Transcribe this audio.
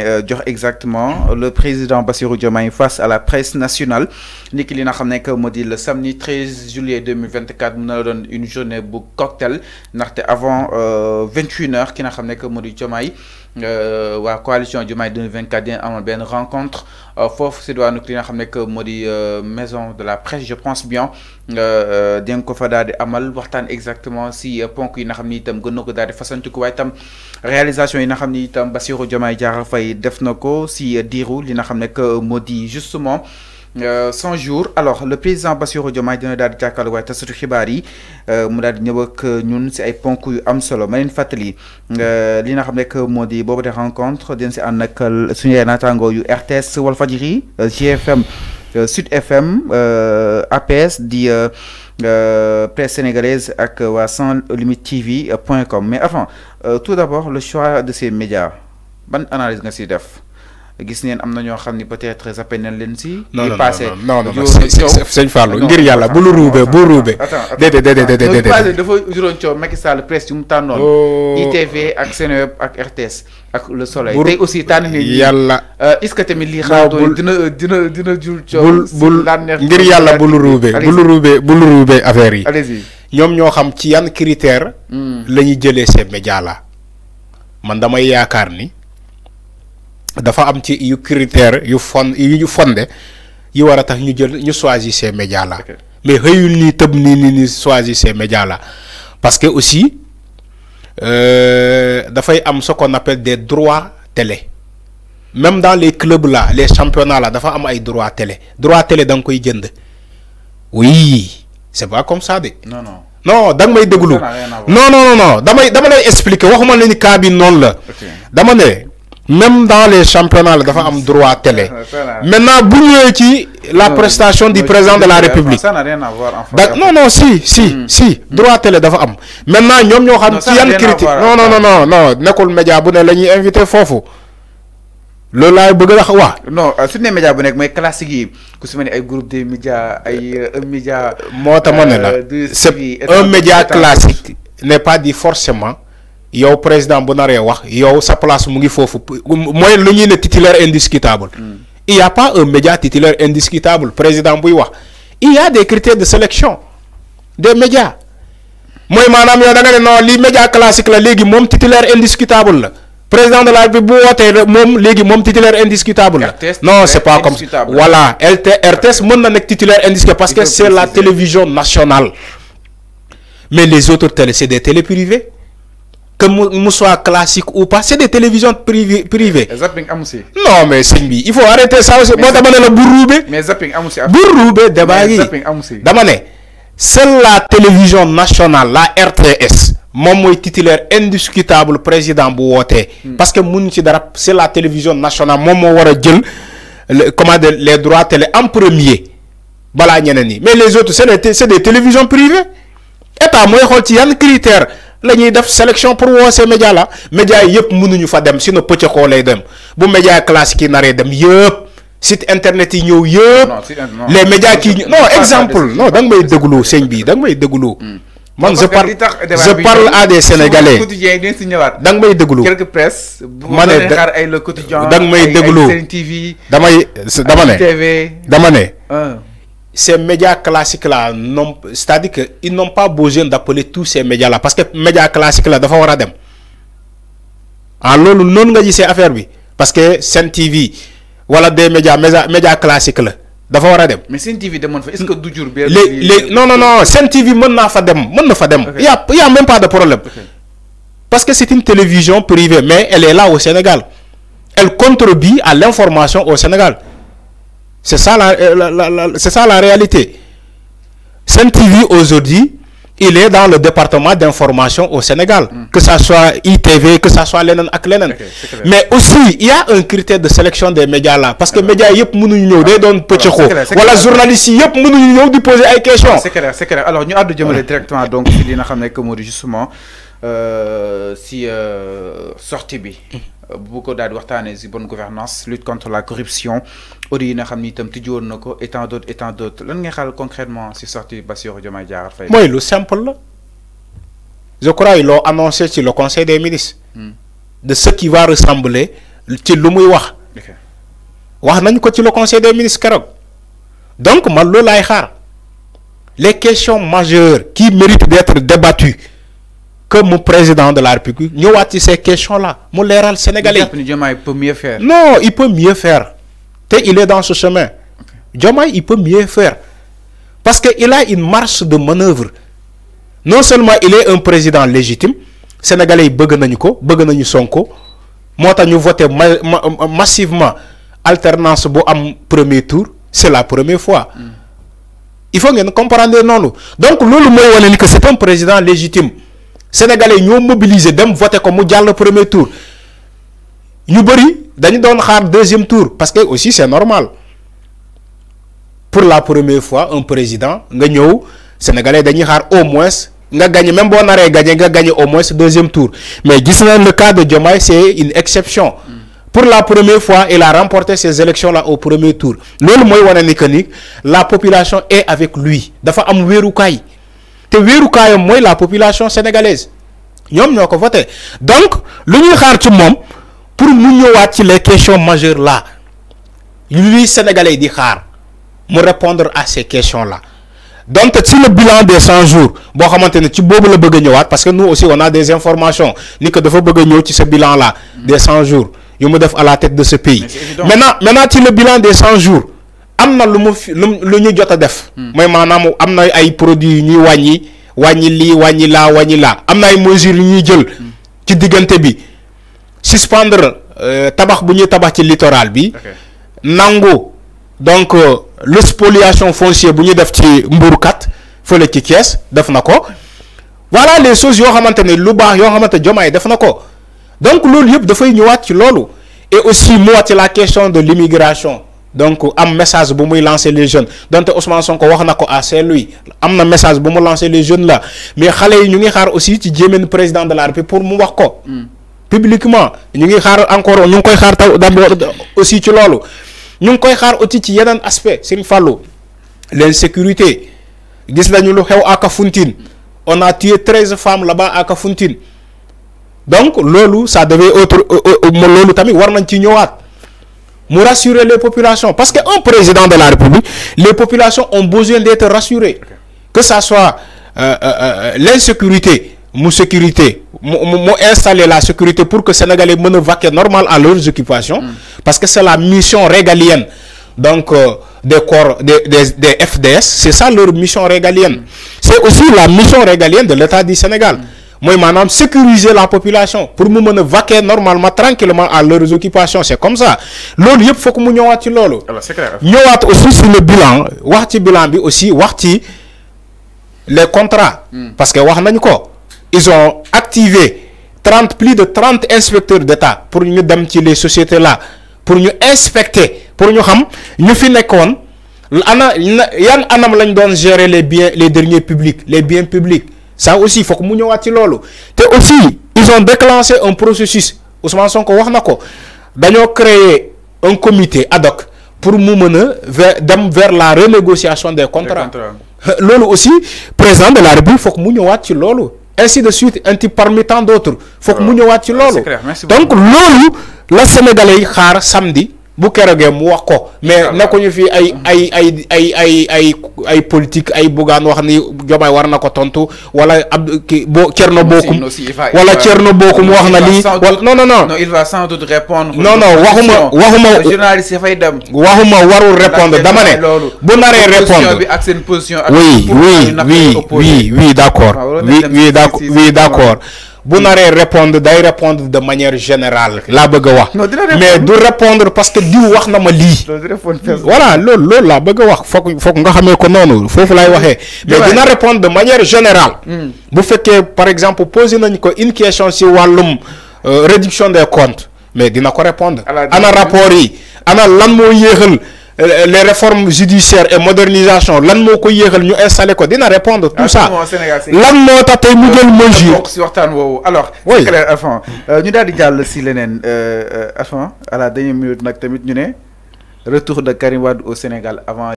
Euh, exactement le président Bassirou Diomaye face à la presse nationale ni ki n'a le samedi 13 juillet 2024 nous avons une journée pour cocktail avant 21 h qui n'a xam la euh, coalition mai 2024 dina amoon une rencontre fof ci do li nga que nekk moo euh, maison de la presse je pense bien euh, di nga ko fa daal di amal waxtaan exactement si ponk yi nga xamni tam itam gën na ko daal di way tam réalisation yi nga xamni tam itam Bassirou Diomaye fay def nako si diiru li nga xam que modi justement 100 euh, jours alors le président Bassirou Diomaye dina dal di way ta xibaar yi euh, mu dal ñëw ñun ay yu am de rencontre RTS GFM euh, Sud FM APS di presse sénégalaise ak wa tv mais avant tout d'abord le choix de ces médias ban analyse gis ngeen am na ñoo xam ni peut-être zappé nañ leen si. non non non non sëñ Fallou ngir yàlla bu lu ruubee bu ruubee. déedéet déedéet déedéet déedéet dafa juróon coow Macky Sall presse yu mu tànnoon. Oh. ITV ak Seneweb ak RTS ak Le Soleil. tey aussi tànn nañ yàlla euh, est-ce que tamit lii xalaatoo dina dina dina jur coow. bul bul ngir yàlla bu lu ruubee bu lu ruubee bu lu ruubee affaire yi. ñoom ñoo xam ci yan critère. Hmm. la ñuy jëlee ces médias la man damay yaakaar ni dafa am ci yu critère yu fond yu ñu fondé yi wara tax ñu jël ñu choisir ces médias là mais xëyul ni tëb ni ni ni choisir ces médias là parce que aussi euh, fay am ce qu'on appelle des droits télé même dans les clubs là les championnats là dafa am ay droits télé droits télé da nga koy jënd oui c'est pas comme ça de. non non non da nga may déglu. non non non damay dama lay expliquer waxuma la ni cas bi noonu la. dama né même dans les championnats y dafa am droit télé maintenant bu ñëwee ci la prestation du président de la république Ça n'a rien à voir fait. non non si si hmm. si droit télé dafa am maintenant ñoom ñoo xam ci yan critique non non non non non nekkul média bu ne la invité foofu loolu laay bëgg wax non euh, su euh, un média bu classique ku su groupe de médias un média. un média classique n'est pas dit forcément au président bu il wax yow sa place mu ngi foofu moi titulaire indiscutable. Mm. il y a pas un média titulaire indiscutable président buy il y a des critères de sélection des médias Moi manam yow da nga non média classique la légui mom titulaire indiscutable la président de la République le wootee mom titulaire indiscutable la. non c'est pas comme voilà RTS mën na titulaire indiscutable parce que c'est la télévision nationale mais les autres télé c'est des télé privées que nous soit classique ou pas c'est des télévisions privées zapping non mais c'est bi il faut arrêter ça Moi la mais zapping débat yi dama la télévision nationale la RTS Mon titulaire indiscutable président bu hmm. parce que c'est la télévision nationale mon moo est le comment les droits télé en premier Bala mais les autres c'est des télévisions privées moi il y ci un critère lañuy def sélection pour ces médias là médias yi yëpp mënuñu fa dem sinon lay dem bu média classique yi naree dem site internet yi les médias qui non exemple non da may déglu sëñ bi da may hmm. man je parle je parle à des sénégalais da may déglu. quelque presse ma Je da may dama ces médias classiques-là, c'est-à-dire qu'ils n'ont pas besoin d'appeler tous ces médias-là. Parce que les médias classiques-là, il faut dem. Alors, ah, nous avons dit ces affaires. Parce que CNTV, voilà des médias, médias classiques-là. dafa mais CNTV TV est-ce que du jur les non non non CNTV, TV mën fa dem y a y a même pas de problème. parce que c'est une télévision privée mais elle est là au Sénégal. elle contribue à l'information au Sénégal. C'est ça la, euh, la, ça la réalité. CNTV aujourd'hui, il est dans le département d'information au Sénégal, hmm. que ce soit ITV, que ce soit Lennon ak Mais aussi, il y a un critère de sélection des médias là, parce que les médias, yep nous peuvent day ah, don petit ko. Voilà journalistes yep ne peuvent di poser ay questions. C'est clair, c'est clair. Alors, nous avons directement donc li nga xamné justement euh, si euh, sortie bi. Mhm. bu bonne gouvernance lutte contre la corruption audit yi nga d'autres et d'autres lan ngay concrètement si sortie Bassirou Diomaye Moi Faye. mooy simple je crois il l'ont annoncé sur le conseil des ministres. Hmm. de ce qui va ressembler ci lu muy wax. wax nañ ko ci le conseil des ministres donc man lo lay xaar les questions majeures qui méritent d'être débattues que mon président de la République nous ces questions là Mon sénégalais non il peut mieux faire il est dans ce chemin. Jomay, il peut mieux faire parce que il a une marche de manœuvre non seulement il est un président légitime sénégalais yi bëgg ko bëgg massivement alternance à premier tour c'est la première fois. Mm. il faut ngeen comprendre non, donc c'est un président légitime sénégalais ñoo mobiliser dem voter ko mu au premier tour ñu ont dañu doon deuxième tour parce que aussi c'est normal pour la première fois un président nga sénégalais dañuy xaar au moins nga gagné même bon arrêt, gagné nga gagné au moins deuxième tour mais le cas de Diomaye c'est une exception pour la première fois il a remporté ces élections là au premier tour loolu moy wane ni que la population est avec lui dafa am kay te la population sénégalaise a ñoko voté donc lu ñuy xaar ci pour mu ñëwaat ci les questions majeures là lui sénégalais di xaar mu répondre à ces questions là donc c'est le bilan des 100 jours comment ci la bëgg parce que nous aussi on a des informations ni que dafa bëgg ce bilan là des 100 jours yu mu def à la tête de ce pays maintenant maintenant ci le bilan des 100 jours amna lu lu ñu jotta def. moy hmm. maanaam amna ay produits ñi wañi wañi li wañi la wañi la amna ay mesures ñi jël. Hmm. ci diggante bi suspendre euh, tabax bu ñuy tabax ci littoral bi. nangu donc euh, le spoliation foncière bu ñu def ci mbuurkat feulé ci Thiès def nako voilà les choses yo xamantene lu baax yo xamantene jomay def nako donc loolu yëpp fay ñëwaat ci loolu et aussi moi ci la question de l'immigration donc am message bu muy lancer les jeunes donte Ousmane Sonko wax na ko à Saint-Louis am na message bu mu lancer les jeunes là mais xale yi ñu ngi xaar aussi ci jéemeen président de la République pour mu wax ko. Hmm. publiquement ñu ngi xaar encore ñu ngi koy xaar taw d'abord aussi ci loolu ñu ngi koy xaar aussi ci yeneen aspect Serigne Fallou l'insécurité gis nañu lu xew à Kafountine on a tué treize femmes là ba à Kafountine donc loolu ça devait autre euh, euh, euh, loolu tamit war nañ ci ñëwaat. rassurer les populations. Parce qu'un président de la République, les populations ont besoin d'être rassurées. Que ce soit euh, euh, euh, l'insécurité, mon sécurité, mon installer la sécurité pour que les Sénégalais menent vaquer normal à leurs occupations. Mm. Parce que c'est la mission régalienne. Donc, des corps, des, FDS, c'est ça leur mission régalienne. Mm. C'est aussi la mission régalienne de l'État du Sénégal. Mm. Moi, maintenant sécuriser la population pour nous mener vaquer normalement tranquillement à leurs occupations c'est comme ça loolu faut que mu Nous ci loolu ah bah, ñëwaat aussi sur le bilan wax ci bilan bi aussi wax ci les contrats hmm. parce que wax nañ ko ils ont activé 30 plus de 30 inspecteurs d'État pour ñu dem ci les sociétés là pour ñu inspecter pour ñu xam ñu fi nekkoon ana yan anam lañ doon gérer les biens les derniers publics les biens publics ça aussi faut que mu ñëwaat ci aussi ils ont déclenché un processus Ousmane Sonko wax na ko créé un comité ad hoc pour nous mener vers vers la renégociation des contrats lolo aussi président de la République faut que mu ñëwaat ci ainsi de suite un type parmi tant d'autres faut que mu ñëwaat ci donc loolu la sénégalais samedi bu kerogee mu wax ko mais na ko ñu fi ay ay ay ay ay ay ay politique ay buggaan wax ni Diomaye war na ko tontu wala Abdou ki bo Thierno Bocoum wala Thierno Bocoum wax na lii wala non non non non il va sans doute répondre non non waxuma waxuma journaliste fay dem waxuma warul répondre dama ne bu naree répondre bi ak seen position oui oui oui oui oui d'accord oui oui d'accord d'accord bu naree répondre day répondre de manière générale laa bëgg wax mais du répondre parce que diw wax na ma lii voilà loolu loolu laa bëgg a wax foog foog nga xamee ko noonu foofu lay waxee mm. mais dina répondre de manière générale mm. bu fekkee par exemple posé nañu ko une question si wàllum euh, réduction des comptes mais dina ko répondre ana rapport yi ana lan moo yéexal les réformes judiciaires et modernisation lan moko ko ñu installé ko dina répondre tout ah, ça lan t'as tax tey mu jël euh, alors c'est clair Arfan euh, ñu dal di jàll si leneen euh, Arfan à la dernière minute nak tamit ñu né retour de Karim Wade au Sénégal avant